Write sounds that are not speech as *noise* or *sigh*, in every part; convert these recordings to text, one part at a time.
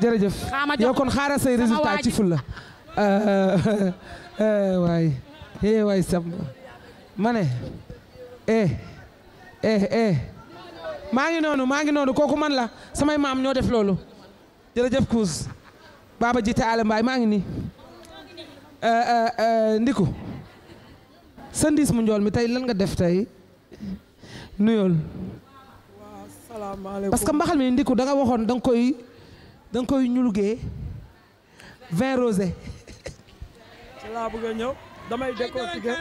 jërëjëf yow kon xaaral say résultat ci fula *laughs* eh, eh, waay eh waay eh, maa ngi noonu maa ngi noonu kooku man la samay maam ñoo def loolu jërëjëf Kouz Baba Jité Alé Mbaye maa ngi nii Ndiku sa ndiis mu njool mi tey lan nga def tey nuyool parce mbaxal mi Ndiku da nga waxoon koy. danga koy ñulugee vin rosé. ci laa bëgg ñëw damay décortiquer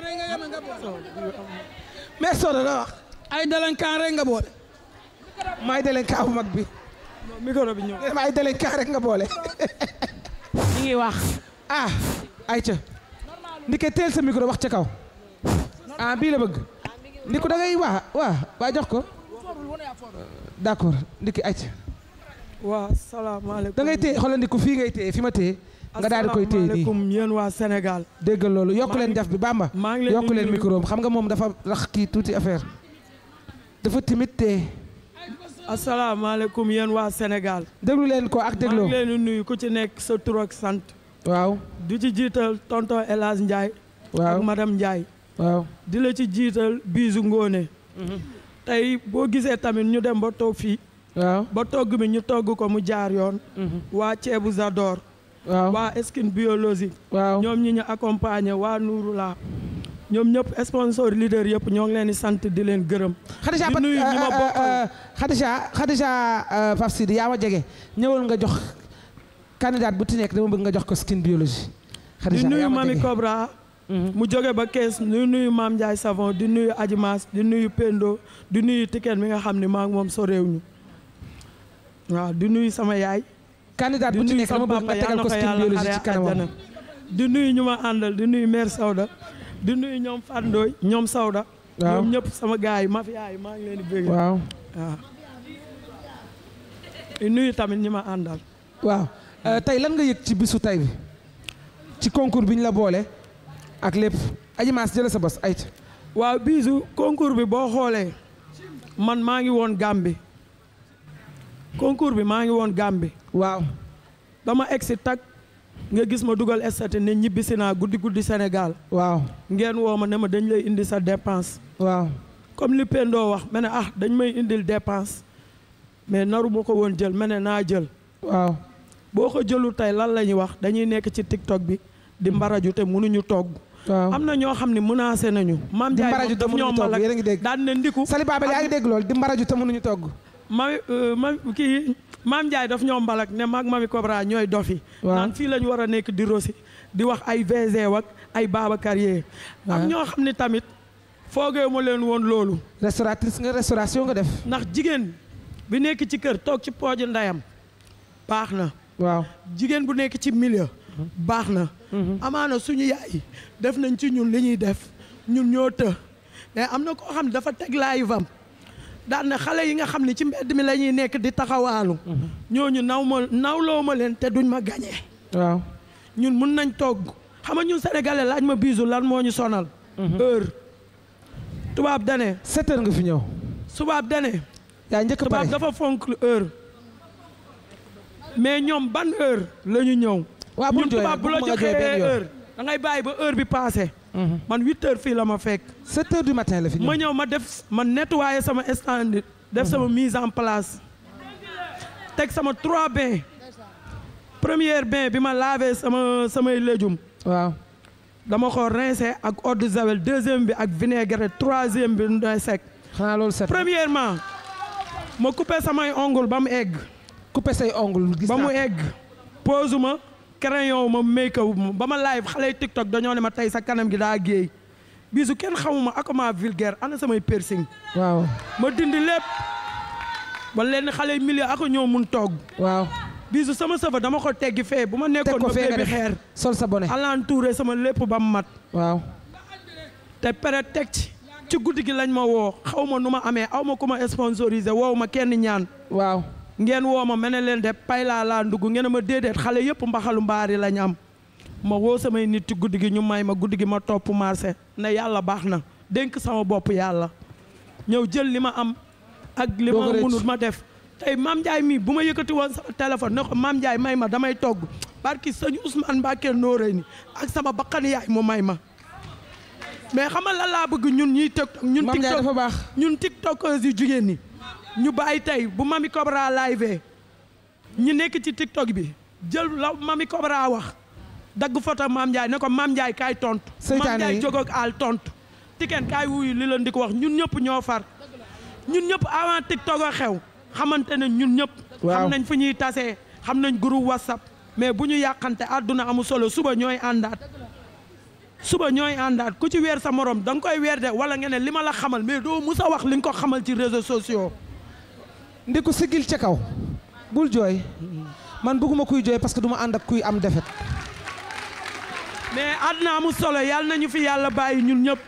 mais soo la wax ay délinquant nga boole. maay délinquant bu mag bi. micro bi ñëw maay délinquant rek nga boole. mi ngi wax. ah ayca. ndike teel sa micro wax ca kaw. ah bii la bëgg. ndiko da waa waa waa jox ko. d'accord ndiki ayca. waaw salaamaaleykum da ngay téye xoolandiku fii ngay téye fi ma téye. nga daal di koy téye nii asalaamaaleykum waa senegal déggal loolu yokk leen jaf bi Bamba. maa ngi leen yokk leen micro xam nga moom dafa rax kii tuuti affaire. dafa timit tee. asalaamaaleykum yéen waa Sénégal. déglu leen ko ak dégloo maa ngi di ku ci nekk sa tur ak sant. waaw du ci jiital tonton El Hadj di la ci jiital biisu ngoone mhm. tey boo gisee tamit ñu dem ba toog fii. waaw ba togg mi ñu togg ko mu jaar yoon. Mhm. waa ceebu Zador. waa Esquine biologique. ñoom ñi ñu accompagner waa Nouroula. ñoom ñëpp sponsor leader yëpp ñoo ngi leen di sant di leen gërëm. Khadija di nuyu ñi ma euh, euh, bokkal euh, Khadija Khadija Faf Sidi yaa ma jege ñëwal nga jox candidat bu ti nekk dama bëgg nga jox ko skin biologie. Khadija di nuyu Mami Cobra. Mhm. mu jóge ba kees di nuyu Maam Ndiaye Savon di nuyu Adjimas di nuyu Pendo di nuyu Tiken mi nga xam ne maa ngi moom so waaw di nuyu sama yaay. candidat bu ci nekk sama papa tegal costume biologique ci kanamam di nuyu ñu ma àndal di maire Sawda di ñoom Fandooy ñoom Sawda. ñëpp sama gars yi mafia maa ngi leen bëgg. waaw waaw. di nuyu tamit ñi ma àndal. waaw euh, lan nga yëg ci bisu tey bi ci concours bi ñu la boole ak lépp aji maas jële sa bos ayt waaw bisu concours bi boo xoolee man maa ngi woon Gambie concours bi maa ngi woon bi waaw dama egg si tag nga gis ma dugal statut ne ñibbisi naa guddi guddi Sénégal. waaw ngeen woo ma ne ma dañ lay indi sa dépense. waaw comme li Pendo wax ma ne ah dañ may indil dépense mais naru ma ko woon jël ma naa jël. waaw boo ko jëlu tey lan la ñuy wax dañuy nekk ci TikTok bi di mbaraju te mënuñu togg. waaw am na ñoo xam ni menacé nañu. maam Ndiaye moom daf ñoo di mbaraju te mënuñu togg yéen a ngi dégg. daan na ndiku Sali Babel mami euh, mami kii maam Ndiaye daf ñoo mbalak ne maag mami Cobra ñooy dofi naan fii la ñu war a nekk di rosi di wax ay VG ak ay Babacar yee am ñoo xam ne tamit foogee ma leen woon loolu restauratrice nga restauration nga def ndax jigéen bi nekk ci kër toog ci pooju ndeyam baax na waaw jigéen bu nekk ci milieu baax na mhm. amaana suñu yaay def nañ ci ñun li ñuy def ñun ñoo të mais am na koo xam ne dafa teglaayu laay daan xale yi nga xam ne ci mbedd mi la ñuy nekk di taxawaalu ñooñu naw ma nawloo ma leen te duñ ma gañee waaw ñun mun nañ togg xam nga ñun sénégalais laaj ma biisu lan moo ñu sonal mhm. heure tubaab dane sept nga fi ñëw tubaab dane yaa njëkk pare dafa fonk heure mais ñoom ban heure la ñu ñëw ñun tubaab bu la joxee heure da ngay bàyyi ba heure bi passé Mm-hmm. man huit heures fii la ma fekk. sept heures du matin la fi ñëw ma ma def man nettoyé sama stand def sama mm-hmm. mise en place. teg sama trois bains. première bain bi ma laabee sama samay légumes. waaw dama ko rincé ak eau de javel deuxième bi ak vinaigrette troisième bi ndoy sec. xanaa loolu premièrement. ma coupé samay ongles ba mu egg. coupé say ongles gis ba mu egg. posuma crayon ma make up ma ba ma laay xale TikTok dañoo ne ma tey sa kanam gi daa géey biisu kenn xamuma akoma vulgaire ana samay piercing waaw ma dindi lépp ma leen xale yi milieu ako ñoo mun toog waaw bisu sama safa dama ko teggi fee bu ma nekkoon ma bi xeer sol sa bone alentouré sama lépp ba mu mat waaw te pere teg ci ci guddi gi lañ ma woo xaw ma nu ma amee aw ma ku ma sponsorisé woow ma kenn ñaan waaw ngeen woo ma ma leen de paylaa laa ndugg ngeen ma déedéet xale yëpp mbaxalu mbaari lañ am ma woo samay nit guddi gi ñu may ma guddi gi ma topp marché na yàlla baax na dénk sama bopp yàlla ñëw jël li ma am ak li ma ma def tey maam Ndiaye mii bu ma yëkkati woon sama téléphone ne ko Mame Ndiaye may ma damay togg barki sëñ Ousmane Mbacké nóoré ni ak sama bakkan mu may ma mais xamal la laa bëgg ñun ñuy TikTok ñun TikTok ñun tiktokers yu jigéen ñi ñu bàyyi tey bu Mamy Cobra live ñu nekk ci TikTok bi jël la Mamy Cobra wax dagg photo Mame Ndiaye ne ko Mame Ndiaye kaay tontu. Mame Ndiaye jóg ak àll tontu. Tiken kaay wuyu li leen di ko wax ñun ñëpp ñoo far ñun ñëpp avant TikTok a xew xamante ne ñun ñëpp. xam nañ fu ñuy tase xam nañ groupe WhatsApp. mais bu ñu yàqante àdduna amul solo suba ñooy àndaat suba ñooy àndaat ku ci weer sa morom danga koy weer de wala nga li ma la xamal mais doo mus wax li nga ko xamal ci réseaux sociaux. ndi ko sigil ca kaw bul jooy man bëgguma kuy jooy parce que du ànd ak kuy am defet mais àddina amul solo yal nañu fi yàlla bàyyi ñun ñëpp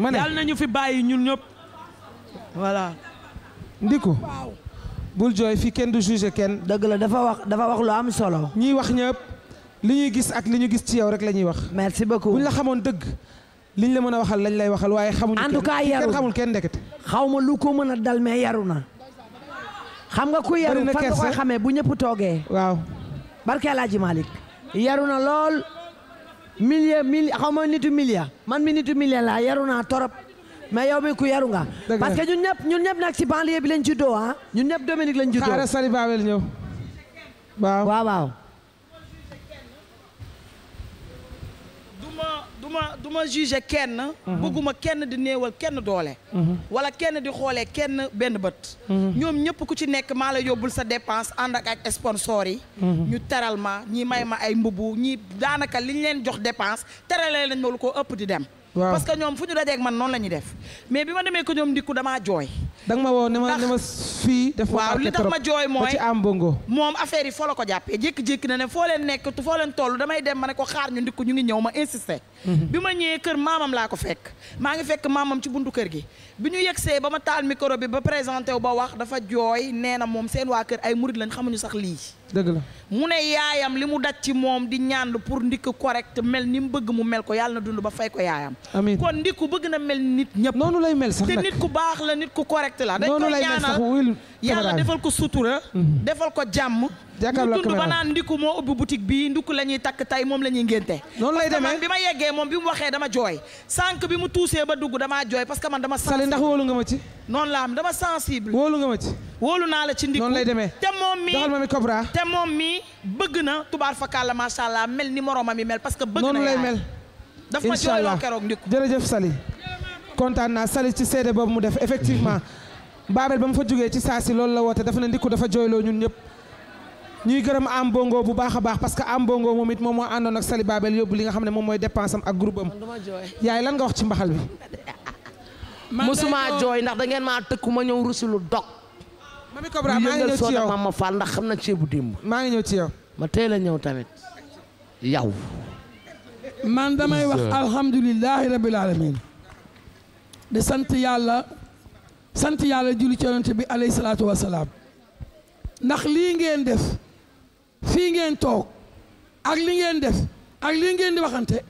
ma ne yal nañu fi bàyyi ñun ñëpp voilà ndiku bul jooy fi kenn du jugé kenn dëgg la dafa wax dafa wax lu am solo ñiy wax ñëpp li ñuy gis ak li ñu gis ci yow rek la ñuy wax merci beaucoup bu ñu la xamoon dëgg li ñu la mën a waxal lañ lay waxal waaye xamuñu en tout cas yaru kenn xamul kenn ndeket xaw ma lu ko mën a dal mais yaru na xam nga ku yaru fan nga xamee bu ñëpp toogee. waaw barke Alaaji Malick yaru na lool millier millier xaw ma nitu millier man mi nitu millier laa yaru na torop mais yow mi ku yaru nga. parce ñun ñëpp ñun ñëpp nak si banlieue bi lañ juddoo ah. ñun ñëpp Dominique lañ juddoo. Xaara Sali Babel ñëw du ma du ma juger kenn. Mhm. bëgguma kenn di néewal kenn doole. Mhm. wala kenn di xoolee kenn benn bët. Mhm. ñoom ñëpp ku ci nekk maa la yóbbul sa dépense ànd ak ak sponsor yi. ñu teral ma ñi may ma ay mbubu ñi daanaka li ñu leen jox dépense teralee nañ ma lu ko ëpp di dem. parce que ñoom fu ñu dajeeg man noonu la ñuy def mais bi ma demee ko ñoom ndikku damaa jooy. danga ma woo ne ma ne ma fii. def waaw li tax ma jooy mooy moom affaire yi foo la ko jàppee jékki-jékki na ne foo leen nekk foo leen toll damay dem ma ne ko xaar ñu ndikku ñu ngi ñëw ma insisté. Mhm. bi ma ñëwee kër maamam laa ko fekk. maa ngi fekk maamam ci buntu kër gi. bi ñu yegsee ba ma taal micro bi ba présenté wu ba wax dafa jooy nee na moom seen waa kër ay murid lañ xamuñu sax lii. dëgg la mu ne yaayam li mu daj ci moom di ñaan pour ndikk correct mel ni mu bëgg mu mel ko yàlla na dund ba ko yaayam. amiin na mel nit ñëpp. direct la dañ ko ñaanal yàlla defal ko sutura mhm. defal ko jàmm mu dund ba naan ndiku moo ubbi boutique bi ndiku la ñuy takk tay moom la ñuy ngénte noonu lay demee bi ma yeggee moom bi mu waxee dama jooy sànq bi mu tuusee ba dugg damaa jooy parce que man dama sali ndax wóolu nga ma ci noonu la am dama sensible wóolu nga ma ci wóolu naa la ci ndiku noonu lay demee te moom mi doxal ma mi Cobra te moom mi bëgg na tubaar fakal la macha allah mel ni moroomam mi mel parce que bëgg na noonu lay mel daf ma jooyloo keroog ndiku jërëjëf sali kontaan naa sali ci seede boobu mu def effectivement Baabel ba mu fa jógee ci saa si la woote dafa ne ndikku dafa jooyloo ñun ñëpp ñuy gërëm am bongo bu baax a baax parce que am bongo moom it moom moo àndoon ak Sali Baabel yóbbu li nga xam ne moom mooy dépense am ak groupe am yaay lan nga wax ci mbaxal bi *laughs* mosuma jooy ndax da maa tëkku ma ñëw rusulu dog mami ma Fall ndax xam na ceebu démb maa ngi ñëw ci ma teel a ñëw tamit yow man damay wax alhamdulilahi rabil alamin di sant yàlla sant yàlla julli ci bi alayhi salaatu wasalaam ndax lii ngeen def fii ngeen toog ak li ngeen def ak lii ngeen di waxante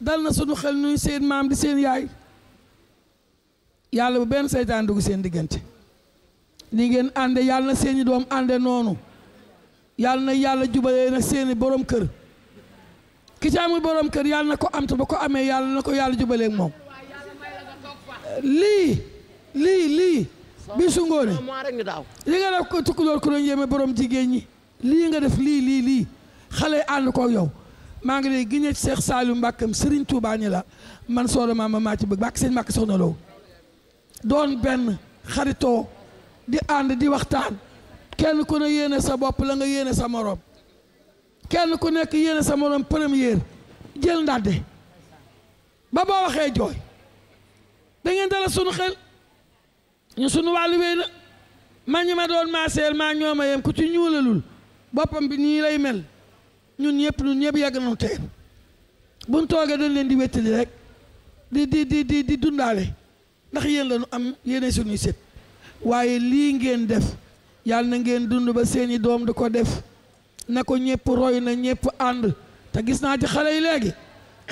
dal na sunu xel nuy seen maam di seen yaay yàlla bu benn seytaan dugg seen diggante ni ngeen ànde yàlla na seeni doom ànde noonu yàlla na yàlla jubalee nag seeni borom kër ki ci amul borom kër yàlla na ko am te ba ko amee yàlla na ko yàlla jubaleeg moom lii lii lii bisu ngoone li nga def ko tukkuloor ku doon yéeme borom jigéen ñi lii nga def lii lii lii xale ànd ko yow maa ngi lay giñe seex Saliou Mbàkkam Serigne Touba ñi la man sooda ma mac ci bëgg bàkk seen mbàkk soxna loo doon benn xaritoo di ànd di waxtaan kenn ku ne yéene sa bopp la nga yéene sa morom kenn ku nekk yéene sa morom première jël ndàdde ba boo jooy da dala sunu ñu sunu wàllu wéy na man ñi ma doon maaseel maa ñoom a ku ci ñuulalul boppam bi nii lay mel ñun ñëpp ñun ñëpp yàgg nañu tey buñ toogee dañ leen di wéttali rek di di di di dundaale ndax yéen la ñu am yéenay suñuy sët waaye lii ngeen def yàlla na ngeen dund ba seeni doom di ko def na ko ñëpp roy na ñëpp ànd te gis naa ci xale yi léegi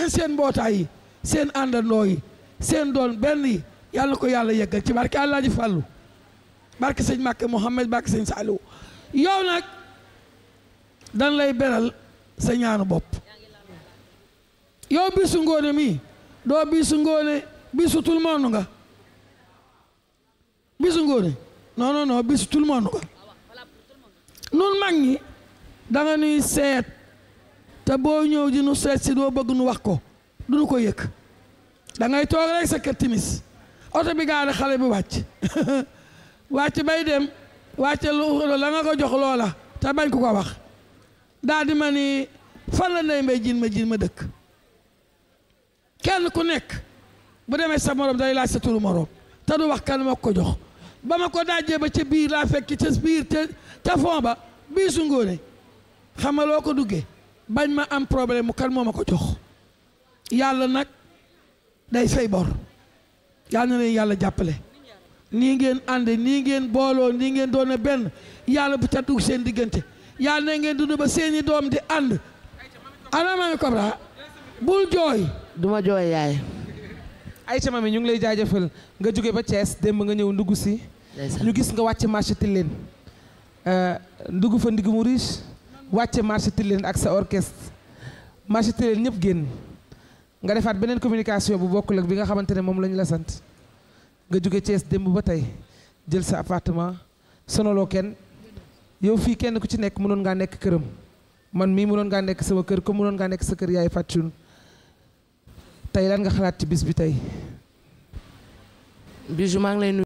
seen mbootaay yi seen àndandoo yi seen doon benn yi yàlla ko yàlla yeggal ci barke Alaaji Fàllu barke sëñ Màkke Mouhamed barke sëñ Saaliw yow nag dan lay beral sa ñaanu bopp yow bisu ngóone mi doo bisu ngóone bisu tout le nga bisu ngóone non non non bisu tout le monde nga nun mag ñi da nuy seet te boo ñëw di nu seet si doo bëgg nu wax ko du ko yëg dangay ngay toog rek sa timis oto bi gaare xale bi wàcc *laughs* wàcc bay dem wàcce lu la nga ko jox loola te bañ ku ko wax daal di ma ni fan la ndey mbay jiin ma jiin ma dëkk kenn ku nekk bu demee sa morom day laaj sa turu morom te du wax kan ma ko jox ba ma ko dajjee ba ca biir laa fekk ca biir ca ca ba bii su ngóone xam nga loo ko duggee bañ ma am problème mu kan moo ma ko jox yàlla nag day fay bor yal na leen yàlla jàppale nii ngeen ànd nii ngeen booloo nii ngeen doone benn yàlla bu ca dugg seen diggante yàlla na ngeen dund ba seeni doom di ànd ana ko Cobra bul jooy duma jooy yaay Aïcha Mamy ñu ngi lay jaajëfal nga juge ba cees démb nga ñëw ndugg si ñu gis nga wàcc marché Tilène euh, ndugg fa ndigg mu riche wàcce marché Tilène ak sa orchestre marché Tilène ñëpp génn nga defaat beneen communication bu bokk ak bi nga xamante ne moom la ñu la sant nga jóge Thiès démb ba tey jël sa appartement sonaloo kenn yow fii kenn ku ci nekk mënoon ngaa nekk këram man mii mënoon ngaa nekk sama kër comme mënoon ngaa nekk sa kër yaay fàttun tey lan nga xalaat ci bis bi tey. Bijou